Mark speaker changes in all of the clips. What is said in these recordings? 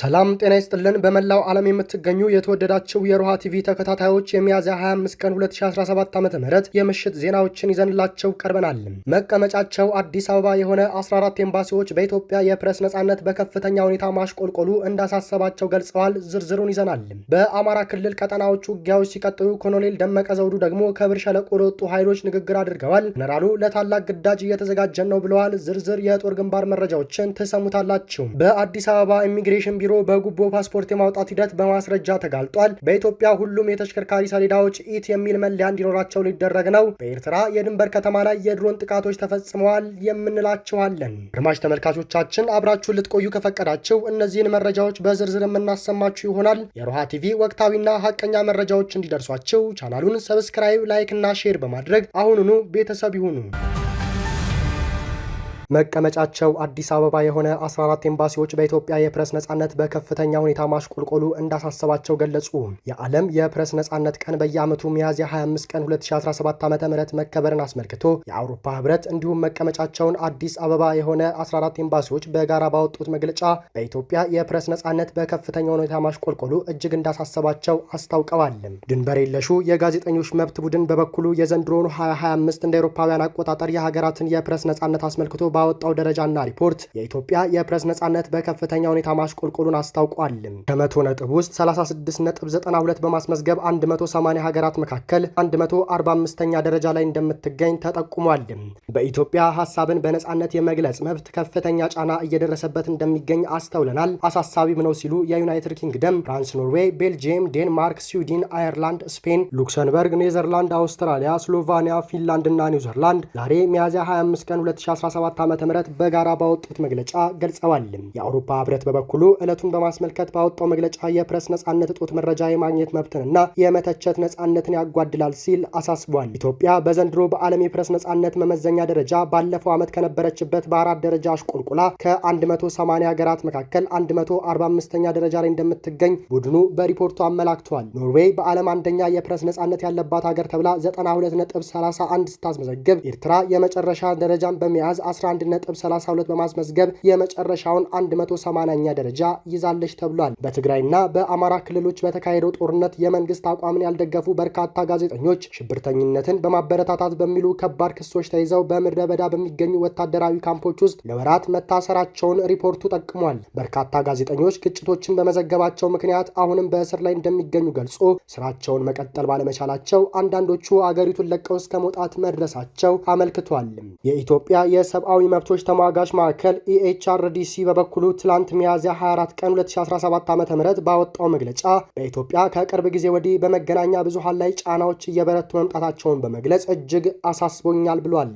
Speaker 1: ሰላም ጤና ይስጥልን። በመላው ዓለም የምትገኙ የተወደዳቸው የሮሃ ቲቪ ተከታታዮች የሚያዝያ 25 ቀን 2017 ዓ ም የምሽት ዜናዎችን ይዘንላቸው ቀርበናል። መቀመጫቸው አዲስ አበባ የሆነ 14 ኤምባሲዎች በኢትዮጵያ የፕሬስ ነጻነት በከፍተኛ ሁኔታ ማሽቆልቆሉ እንዳሳሰባቸው ገልጸዋል። ዝርዝሩን ይዘናል። በአማራ ክልል ቀጠናዎቹ ውጊያዎች ሲቀጥሉ ኮሎኔል ደመቀ ዘውዱ ደግሞ ከብር ሸለቆ ለወጡ ኃይሎች ንግግር አድርገዋል። ጀነራሉ ለታላቅ ግዳጅ እየተዘጋጀን ነው ብለዋል። ዝርዝር የጦር ግንባር መረጃዎችን ትሰሙታላችሁ። በአዲስ አበባ ኢሚግሬሽን ቢሮ በጉቦ ፓስፖርት የማውጣት ሂደት በማስረጃ ተጋልጧል። በኢትዮጵያ ሁሉም የተሽከርካሪ ሰሌዳዎች ኢት የሚል መለያ እንዲኖራቸው ሊደረግ ነው። በኤርትራ የድንበር ከተማ ላይ የድሮን ጥቃቶች ተፈጽመዋል የምንላችኋለን። ግርማሽ ተመልካቾቻችን አብራችሁን ልትቆዩ ከፈቀዳችሁ እነዚህን መረጃዎች በዝርዝር የምናሰማችሁ ይሆናል። የሮሃ ቲቪ ወቅታዊና ሀቀኛ መረጃዎች እንዲደርሷችሁ ቻናሉን ሰብስክራይብ፣ ላይክ እና ሼር በማድረግ አሁኑኑ ቤተሰብ ይሁኑ። መቀመጫቸው አዲስ አበባ የሆነ 14 ኤምባሲዎች በኢትዮጵያ የፕረስ ነጻነት በከፍተኛ ሁኔታ ማሽቆልቆሉ እንዳሳሰባቸው ገለጹ። የዓለም የፕረስ ነጻነት ቀን በየዓመቱ ሚያዝያ 25 ቀን 2017 ዓ.ም መከበርን አስመልክቶ የአውሮፓ ህብረት እንዲሁም መቀመጫቸውን አዲስ አበባ የሆነ 14 ኤምባሲዎች በጋራ ባወጡት መግለጫ በኢትዮጵያ የፕረስ ነጻነት በከፍተኛ ሁኔታ ማሽቆልቆሉ እጅግ እንዳሳሰባቸው አስታውቀዋል። ድንበር የለሹ የጋዜጠኞች መብት ቡድን በበኩሉ የዘንድሮን 2025 እንደ አውሮፓውያን አቆጣጠር የሀገራትን የፕረስ ነጻነት አስመልክቶ ባወጣው ደረጃና ሪፖርት የኢትዮጵያ የፕሬስ ነጻነት በከፍተኛ ሁኔታ ማሽቆልቆሉን አስታውቋል። ከመቶ ነጥብ ውስጥ 36.92 በማስመዝገብ 180 ሀገራት መካከል 145ኛ ደረጃ ላይ እንደምትገኝ ተጠቁሟል። በኢትዮጵያ ሀሳብን በነጻነት የመግለጽ መብት ከፍተኛ ጫና እየደረሰበት እንደሚገኝ አስተውለናል፣ አሳሳቢም ነው ሲሉ የዩናይትድ ኪንግደም፣ ፍራንስ፣ ኖርዌይ፣ ቤልጂየም፣ ዴንማርክ፣ ስዊድን፣ አየርላንድ፣ ስፔን፣ ሉክሰምበርግ፣ ኔዘርላንድ፣ አውስትራሊያ፣ ስሎቫኒያ፣ ፊንላንድ እና ኒውዚርላንድ ዛሬ ሚያዝያ 25 ቀን 2017 ዓ.ም በጋራ ባወጡት መግለጫ ገልጸዋል። የአውሮፓ ህብረት በበኩሉ ዕለቱን በማስመልከት ባወጣው መግለጫ የፕሬስ ነጻነት እጦት መረጃ የማግኘት መብትንና የመተቸት ነጻነትን ያጓድላል ሲል አሳስቧል። ኢትዮጵያ በዘንድሮ በዓለም የፕሬስ ነጻነት መመዘኛ ደረጃ ባለፈው ዓመት ከነበረችበት በአራት ደረጃ አሽቆልቁላ ከ180 ሀገራት መካከል 145ኛ ደረጃ ላይ እንደምትገኝ ቡድኑ በሪፖርቱ አመላክቷል። ኖርዌይ በዓለም አንደኛ የፕሬስ ነጻነት ያለባት ሀገር ተብላ 92.31 ስታስመዘግብ ኤርትራ የመጨረሻ ደረጃን በመያዝ 11 132 በማስመዝገብ የመጨረሻውን 180ኛ ደረጃ ይዛለች ተብሏል። በትግራይና በአማራ ክልሎች በተካሄደው ጦርነት የመንግስት አቋምን ያልደገፉ በርካታ ጋዜጠኞች ሽብርተኝነትን በማበረታታት በሚሉ ከባድ ክሶች ተይዘው በምድረ በዳ በሚገኙ ወታደራዊ ካምፖች ውስጥ ለወራት መታሰራቸውን ሪፖርቱ ጠቅሟል። በርካታ ጋዜጠኞች ግጭቶችን በመዘገባቸው ምክንያት አሁንም በእስር ላይ እንደሚገኙ ገልጾ ስራቸውን መቀጠል ባለመቻላቸው አንዳንዶቹ አገሪቱን ለቀው እስከ መውጣት መድረሳቸው አመልክቷል። የኢትዮጵያ የሰብአዊ መብቶች ተሟጋች ማዕከል ኢኤችአርዲሲ e በበኩሉ ትላንት ሚያዝያ 24 ቀን 2017 ዓ ም ባወጣው መግለጫ በኢትዮጵያ ከቅርብ ጊዜ ወዲህ በመገናኛ ብዙሃን ላይ ጫናዎች እየበረቱ መምጣታቸውን በመግለጽ እጅግ አሳስቦኛል ብሏል።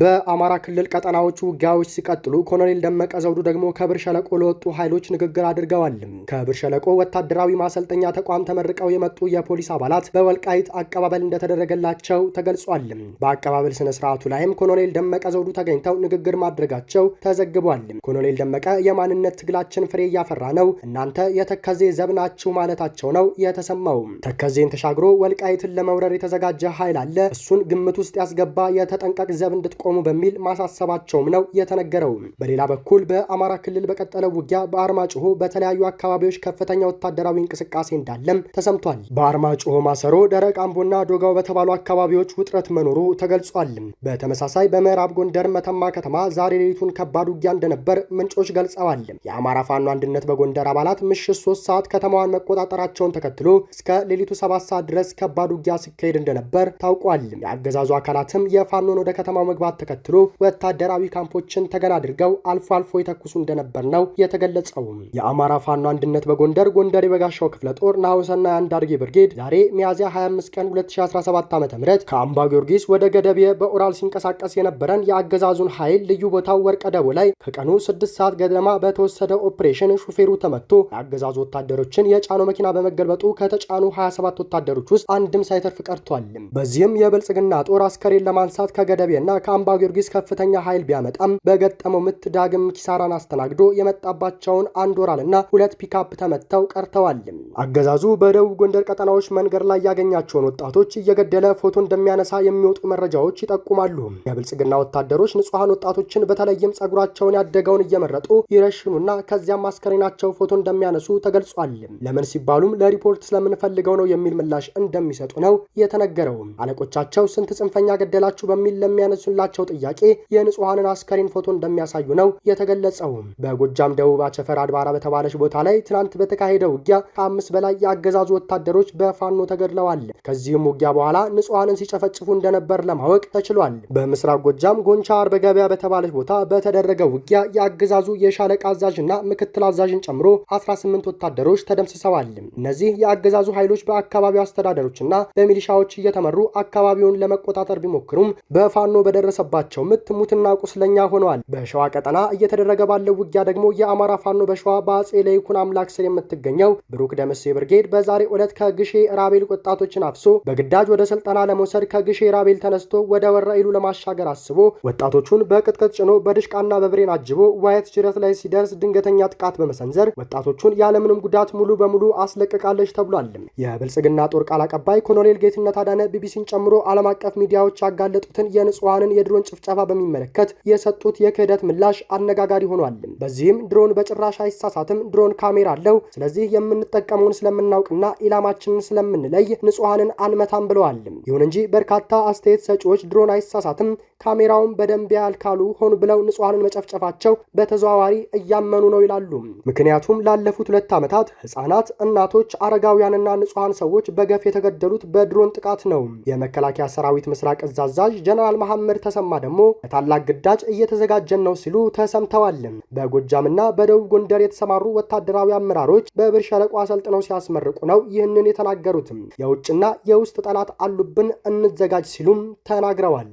Speaker 1: በአማራ ክልል ቀጠናዎች ውጊያዎች ሲቀጥሉ ኮሎኔል ደመቀ ዘውዱ ደግሞ ከብር ሸለቆ ለወጡ ኃይሎች ንግግር አድርገዋል። ከብር ሸለቆ ወታደራዊ ማሰልጠኛ ተቋም ተመርቀው የመጡ የፖሊስ አባላት በወልቃይት አቀባበል እንደተደረገላቸው ተገልጿል። በአቀባበል ስነ ስርዓቱ ላይም ኮሎኔል ደመቀ ዘውዱ ተገኝተው ንግግር ማድረጋቸው ተዘግቧል። ኮሎኔል ደመቀ የማንነት ትግላችን ፍሬ እያፈራ ነው፣ እናንተ የተከዜ ዘብ ናችሁ ማለታቸው ነው የተሰማው። ተከዜን ተሻግሮ ወልቃይትን ለመውረር የተዘጋጀ ኃይል አለ፣ እሱን ግምት ውስጥ ያስገባ የተጠንቀቅ ዘብ እንድትቆ ቆሙ በሚል ማሳሰባቸውም ነው የተነገረው። በሌላ በኩል በአማራ ክልል በቀጠለው ውጊያ በአርማጭሆ በተለያዩ አካባቢዎች ከፍተኛ ወታደራዊ እንቅስቃሴ እንዳለም ተሰምቷል። በአርማጭሆ ማሰሮ፣ ደረቅ አምቦና ዶጋው በተባሉ አካባቢዎች ውጥረት መኖሩ ተገልጿል። በተመሳሳይ በምዕራብ ጎንደር መተማ ከተማ ዛሬ ሌሊቱን ከባድ ውጊያ እንደነበር ምንጮች ገልጸዋል። የአማራ ፋኖ አንድነት በጎንደር አባላት ምሽት ሶስት ሰዓት ከተማዋን መቆጣጠራቸውን ተከትሎ እስከ ሌሊቱ ሰባት ሰዓት ድረስ ከባድ ውጊያ ሲካሄድ እንደነበር ታውቋል። የአገዛዙ አካላትም የፋኖን ወደ ከተማው መግባት ጥቃት ተከትሎ ወታደራዊ ካምፖችን ተገን አድርገው አልፎ አልፎ የተኩሱ እንደነበር ነው የተገለጸው። የአማራ ፋኖ አንድነት በጎንደር ጎንደር የበጋሻው ክፍለ ጦር ናሁሰና የአንዳርጌ ብርጌድ ዛሬ ሚያዝያ 25 ቀን 2017 ዓ.ም ከአምባ ጊዮርጊስ ወደ ገደቤ በኦራል ሲንቀሳቀስ የነበረን የአገዛዙን ኃይል ልዩ ቦታው ወርቀ ደቦ ላይ ከቀኑ 6 ሰዓት ገደማ በተወሰደ ኦፕሬሽን ሹፌሩ ተመቶ የአገዛዙ ወታደሮችን የጫነው መኪና በመገልበጡ ከተጫኑ 27 ወታደሮች ውስጥ አንድም ሳይተርፍ ቀርቷል። በዚህም የብልጽግና ጦር አስከሬን ለማንሳት ከገደቤና ከአ አምባ ጊዮርጊስ ከፍተኛ ኃይል ቢያመጣም በገጠመው ምት ዳግም ኪሳራን አስተናግዶ የመጣባቸውን አንድ ወራልና ሁለት ፒካፕ ተመተው ቀርተዋል። አገዛዙ በደቡብ ጎንደር ቀጠናዎች መንገድ ላይ ያገኛቸውን ወጣቶች እየገደለ ፎቶ እንደሚያነሳ የሚወጡ መረጃዎች ይጠቁማሉ። የብልጽግና ወታደሮች ንጹሐን ወጣቶችን በተለይም ጸጉራቸውን ያደገውን እየመረጡ ይረሽኑና ከዚያም አስከሬናቸው ፎቶ እንደሚያነሱ ተገልጿል። ለምን ሲባሉም ለሪፖርት ስለምንፈልገው ነው የሚል ምላሽ እንደሚሰጡ ነው የተነገረው። አለቆቻቸው ስንት ጽንፈኛ ገደላችሁ በሚል ለሚያነሱላ ያቀረበላቸው ጥያቄ የንጹሐንን አስከሬን ፎቶ እንደሚያሳዩ ነው የተገለጸው። በጎጃም ደቡብ አቸፈር አድባራ በተባለች ቦታ ላይ ትናንት በተካሄደ ውጊያ ከአምስት በላይ የአገዛዙ ወታደሮች በፋኖ ተገድለዋል። ከዚህም ውጊያ በኋላ ንጹሐንን ሲጨፈጭፉ እንደነበር ለማወቅ ተችሏል። በምስራቅ ጎጃም ጎንቻ አርበ ገበያ በተባለች ቦታ በተደረገ ውጊያ የአገዛዙ የሻለቃ አዛዥ እና ምክትል አዛዥን ጨምሮ 18 ወታደሮች ተደምስሰዋል። እነዚህ የአገዛዙ ኃይሎች በአካባቢው አስተዳደሮችና በሚሊሻዎች እየተመሩ አካባቢውን ለመቆጣጠር ቢሞክሩም በፋኖ በደረሰ በደረሰባቸው ምት ሙትና ቁስለኛ ሆነዋል። በሸዋ ቀጠና እየተደረገ ባለው ውጊያ ደግሞ የአማራ ፋኖ በሸዋ በአጼ ለይኩን አምላክ ስር የምትገኘው ብሩክ ደምሴ ብርጌድ በዛሬ ዕለት ከግሼ ራቤል ወጣቶችን አፍሶ በግዳጅ ወደ ስልጠና ለመውሰድ ከግሼ ራቤል ተነስቶ ወደ ወረኢሉ ለማሻገር አስቦ ወጣቶቹን በቅጥቅጥ ጭኖ በድሽቃና በብሬን አጅቦ ዋየት ጅረት ላይ ሲደርስ ድንገተኛ ጥቃት በመሰንዘር ወጣቶቹን ያለምንም ጉዳት ሙሉ በሙሉ አስለቅቃለች ተብሏልም። የብልጽግና ጦር ቃል አቀባይ ኮሎኔል ጌትነት አዳነ ቢቢሲን ጨምሮ ዓለም አቀፍ ሚዲያዎች ያጋለጡትን የንጹሐንን የድሮን ጭፍጨፋ በሚመለከት የሰጡት የክህደት ምላሽ አነጋጋሪ ሆኗል። በዚህም ድሮን በጭራሽ አይሳሳትም፣ ድሮን ካሜራ አለው፣ ስለዚህ የምንጠቀመውን ስለምናውቅና ኢላማችንን ስለምንለይ ንጹሐንን አንመታም ብለዋል። ይሁን እንጂ በርካታ አስተያየት ሰጪዎች ድሮን አይሳሳትም፣ ካሜራውን በደንብ ያልካሉ ካሉ ሆን ብለው ንጹሐንን መጨፍጨፋቸው በተዘዋዋሪ እያመኑ ነው ይላሉ። ምክንያቱም ላለፉት ሁለት ዓመታት ህጻናት፣ እናቶች፣ አረጋውያንና ንጹሐን ሰዎች በገፍ የተገደሉት በድሮን ጥቃት ነው። የመከላከያ ሰራዊት ምስራቅ እዝ አዛዥ ጀነራል መሐመድ ተ ከተሰማ ደግሞ ለታላቅ ግዳጅ እየተዘጋጀን ነው ሲሉ ተሰምተዋል። በጎጃምና በደቡብ ጎንደር የተሰማሩ ወታደራዊ አመራሮች በብር ሸለቆ አሰልጥነው ሲያስመርቁ ነው ይህንን የተናገሩትም። የውጭና የውስጥ ጠላት አሉብን፣ እንዘጋጅ ሲሉም ተናግረዋል።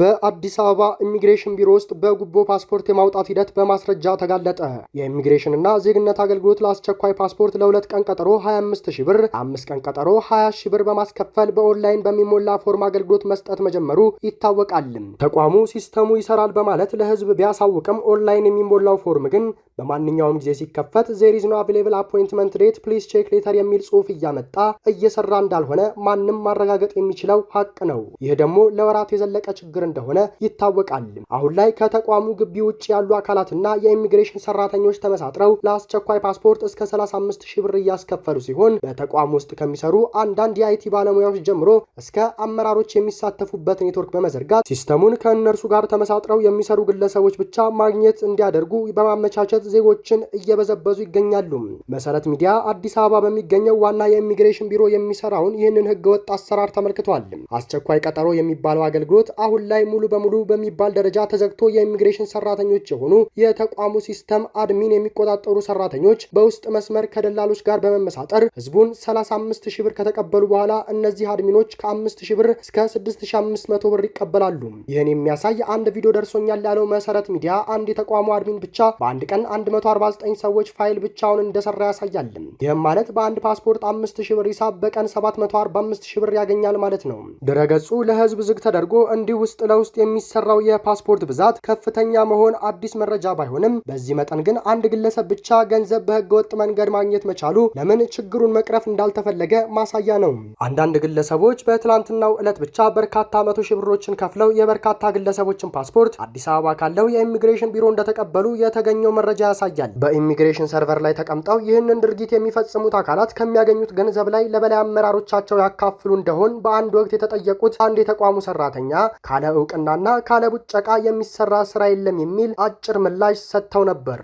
Speaker 1: በአዲስ አበባ ኢሚግሬሽን ቢሮ ውስጥ በጉቦ ፓስፖርት የማውጣት ሂደት በማስረጃ ተጋለጠ። የኢሚግሬሽንና ዜግነት አገልግሎት ለአስቸኳይ ፓስፖርት ለሁለት ቀን ቀጠሮ 25 ሺ ብር፣ አምስት ቀን ቀጠሮ 20 ሺ ብር በማስከፈል በኦንላይን በሚሞላ ፎርም አገልግሎት መስጠት መጀመሩ ይታወቃል። ተቋሙ ሲስተሙ ይሰራል በማለት ለህዝብ ቢያሳውቅም ኦንላይን የሚሞላው ፎርም ግን በማንኛውም ጊዜ ሲከፈት ዜር ኖ አቬሌብል አፖይንትመንት ዴት ፕሊስ ቼክ ሌተር የሚል ጽሁፍ እያመጣ እየሰራ እንዳልሆነ ማንም ማረጋገጥ የሚችለው ሀቅ ነው። ይህ ደግሞ ለወራት የዘለቀ ችግር ችግር እንደሆነ ይታወቃል። አሁን ላይ ከተቋሙ ግቢ ውጭ ያሉ አካላትና የኢሚግሬሽን ሰራተኞች ተመሳጥረው ለአስቸኳይ ፓስፖርት እስከ 35 ሺህ ብር እያስከፈሉ ሲሆን በተቋም ውስጥ ከሚሰሩ አንዳንድ የአይቲ ባለሙያዎች ጀምሮ እስከ አመራሮች የሚሳተፉበት ኔትወርክ በመዘርጋት ሲስተሙን ከእነርሱ ጋር ተመሳጥረው የሚሰሩ ግለሰቦች ብቻ ማግኘት እንዲያደርጉ በማመቻቸት ዜጎችን እየበዘበዙ ይገኛሉ። መሰረት ሚዲያ አዲስ አበባ በሚገኘው ዋና የኢሚግሬሽን ቢሮ የሚሰራውን ይህንን ህገወጥ አሰራር ተመልክቷል። አስቸኳይ ቀጠሮ የሚባለው አገልግሎት አሁን ላይ ሙሉ በሙሉ በሚባል ደረጃ ተዘግቶ የኢሚግሬሽን ሰራተኞች የሆኑ የተቋሙ ሲስተም አድሚን የሚቆጣጠሩ ሰራተኞች በውስጥ መስመር ከደላሎች ጋር በመመሳጠር ህዝቡን 35 ሺህ ብር ከተቀበሉ በኋላ እነዚህ አድሚኖች ከ5 ሺህ ብር እስከ 6500 ብር ይቀበላሉ። ይህን የሚያሳይ አንድ ቪዲዮ ደርሶኛል ያለው መሰረት ሚዲያ አንድ የተቋሙ አድሚን ብቻ በአንድ ቀን 149 ሰዎች ፋይል ብቻውን እንደሰራ ያሳያል። ይህም ማለት በአንድ ፓስፖርት ሺህ ብር ሂሳብ በቀን ሺህ ብር ያገኛል ማለት ነው። ድረገጹ ለህዝብ ዝግ ተደርጎ እንዲህ ውስጥ ለውስጥ የሚሰራው የፓስፖርት ብዛት ከፍተኛ መሆን አዲስ መረጃ ባይሆንም በዚህ መጠን ግን አንድ ግለሰብ ብቻ ገንዘብ በህገወጥ መንገድ ማግኘት መቻሉ ለምን ችግሩን መቅረፍ እንዳልተፈለገ ማሳያ ነው። አንዳንድ ግለሰቦች በትላንትናው ዕለት ብቻ በርካታ መቶ ሺህ ብሮችን ከፍለው የበርካታ ግለሰቦችን ፓስፖርት አዲስ አበባ ካለው የኢሚግሬሽን ቢሮ እንደተቀበሉ የተገኘው መረጃ ያሳያል። በኢሚግሬሽን ሰርቨር ላይ ተቀምጠው ይህንን ድርጊት የሚፈጽሙት አካላት ከሚያገኙት ገንዘብ ላይ ለበላይ አመራሮቻቸው ያካፍሉ እንደሆን በአንድ ወቅት የተጠየቁት አንድ የተቋሙ ሰራተኛ ካለ እውቅናና ካለ ቡጨቃ የሚሰራ ስራ የለም የሚል አጭር ምላሽ ሰጥተው ነበር።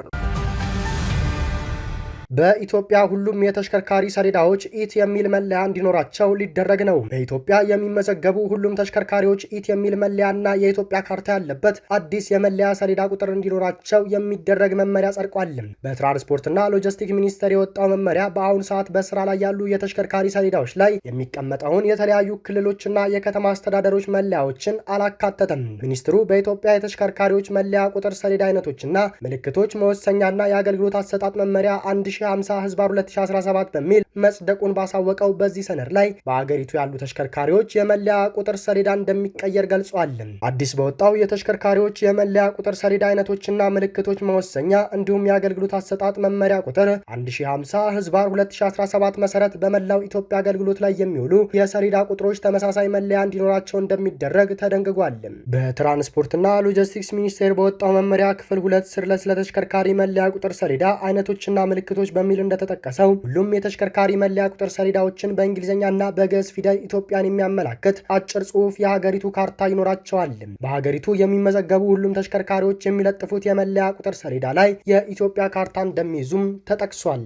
Speaker 1: በኢትዮጵያ ሁሉም የተሽከርካሪ ሰሌዳዎች ኢት የሚል መለያ እንዲኖራቸው ሊደረግ ነው። በኢትዮጵያ የሚመዘገቡ ሁሉም ተሽከርካሪዎች ኢት የሚል መለያና የኢትዮጵያ ካርታ ያለበት አዲስ የመለያ ሰሌዳ ቁጥር እንዲኖራቸው የሚደረግ መመሪያ ጸድቋል። በትራንስፖርትና ሎጂስቲክ ሚኒስቴር የወጣው መመሪያ በአሁኑ ሰዓት በስራ ላይ ያሉ የተሽከርካሪ ሰሌዳዎች ላይ የሚቀመጠውን የተለያዩ ክልሎችና የከተማ አስተዳደሮች መለያዎችን አላካተተም። ሚኒስትሩ በኢትዮጵያ የተሽከርካሪዎች መለያ ቁጥር ሰሌዳ አይነቶችና ምልክቶች መወሰኛና የአገልግሎት አሰጣጥ መመሪያ አንድ 2050 ህዝባር 2017 በሚል መጽደቁን ባሳወቀው በዚህ ሰነድ ላይ በአገሪቱ ያሉ ተሽከርካሪዎች የመለያ ቁጥር ሰሌዳ እንደሚቀየር ገልጿል። አዲስ በወጣው የተሽከርካሪዎች የመለያ ቁጥር ሰሌዳ አይነቶችና ምልክቶች መወሰኛ እንዲሁም የአገልግሎት አሰጣጥ መመሪያ ቁጥር 1050 ህዝባር 2017 መሰረት በመላው ኢትዮጵያ አገልግሎት ላይ የሚውሉ የሰሌዳ ቁጥሮች ተመሳሳይ መለያ እንዲኖራቸው እንደሚደረግ ተደንግጓል። በትራንስፖርትና ሎጂስቲክስ ሚኒስቴር በወጣው መመሪያ ክፍል ሁለት ስር ለስለተሽከርካሪ መለያ ቁጥር ሰሌዳ አይነቶችና ምልክቶች ፊደሎች በሚል እንደተጠቀሰው ሁሉም የተሽከርካሪ መለያ ቁጥር ሰሌዳዎችን በእንግሊዝኛና በግዕዝ ፊደል ኢትዮጵያን የሚያመላክት አጭር ጽሑፍ የሀገሪቱ ካርታ ይኖራቸዋል። በሀገሪቱ የሚመዘገቡ ሁሉም ተሽከርካሪዎች የሚለጥፉት የመለያ ቁጥር ሰሌዳ ላይ የኢትዮጵያ ካርታ እንደሚይዙም ተጠቅሷል።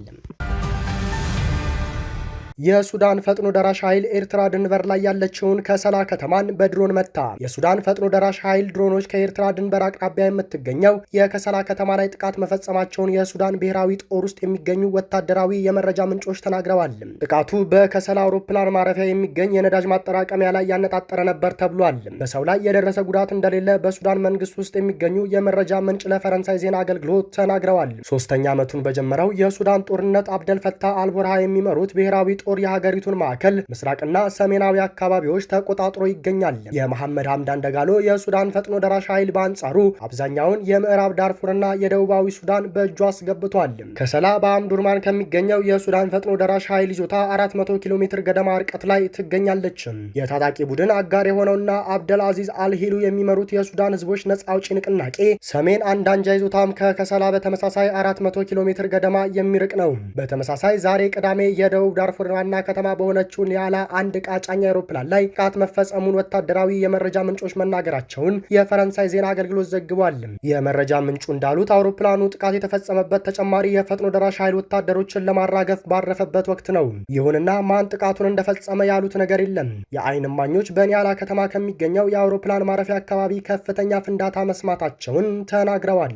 Speaker 1: የሱዳን ፈጥኖ ደራሽ ኃይል ኤርትራ ድንበር ላይ ያለችውን ከሰላ ከተማን በድሮን መታ። የሱዳን ፈጥኖ ደራሽ ኃይል ድሮኖች ከኤርትራ ድንበር አቅራቢያ የምትገኘው የከሰላ ከተማ ላይ ጥቃት መፈጸማቸውን የሱዳን ብሔራዊ ጦር ውስጥ የሚገኙ ወታደራዊ የመረጃ ምንጮች ተናግረዋል። ጥቃቱ በከሰላ አውሮፕላን ማረፊያ የሚገኝ የነዳጅ ማጠራቀሚያ ላይ ያነጣጠረ ነበር ተብሏል። በሰው ላይ የደረሰ ጉዳት እንደሌለ በሱዳን መንግስት ውስጥ የሚገኙ የመረጃ ምንጭ ለፈረንሳይ ዜና አገልግሎት ተናግረዋል። ሶስተኛ ዓመቱን በጀመረው የሱዳን ጦርነት አብደልፈታ አልቦርሃ የሚመሩት ብሔራዊ ጦር የሀገሪቱን ማዕከል ምስራቅና ሰሜናዊ አካባቢዎች ተቆጣጥሮ ይገኛል። የመሐመድ ሐምዳን ደጋሎ የሱዳን ፈጥኖ ደራሽ ኃይል በአንጻሩ አብዛኛውን የምዕራብ ዳርፉርና የደቡባዊ ሱዳን በእጁ አስገብቷል። ከሰላ በአምዱርማን ከሚገኘው የሱዳን ፈጥኖ ደራሽ ኃይል ይዞታ 400 ኪሎ ሜትር ገደማ ርቀት ላይ ትገኛለች። የታጣቂ ቡድን አጋር የሆነውና አብደል አዚዝ አልሂሉ የሚመሩት የሱዳን ህዝቦች ነጻ አውጪ ንቅናቄ ሰሜን አንዳንጃ ይዞታም ከከሰላ በተመሳሳይ 400 ኪሎ ሜትር ገደማ የሚርቅ ነው። በተመሳሳይ ዛሬ ቅዳሜ የደቡብ ዳርፉር ዋና ከተማ በሆነችው ኒያላ አንድ ዕቃ አይሮፕላን አውሮፕላን ላይ ጥቃት መፈጸሙን ወታደራዊ የመረጃ ምንጮች መናገራቸውን የፈረንሳይ ዜና አገልግሎት ዘግቧል። የመረጃ ምንጩ እንዳሉት አውሮፕላኑ ጥቃት የተፈጸመበት ተጨማሪ የፈጥኖ ደራሽ ኃይል ወታደሮችን ለማራገፍ ባረፈበት ወቅት ነው። ይሁንና ማን ጥቃቱን እንደፈጸመ ያሉት ነገር የለም። የአይን እማኞች በኒያላ ከተማ ከሚገኘው የአውሮፕላን ማረፊያ አካባቢ ከፍተኛ ፍንዳታ መስማታቸውን ተናግረዋል።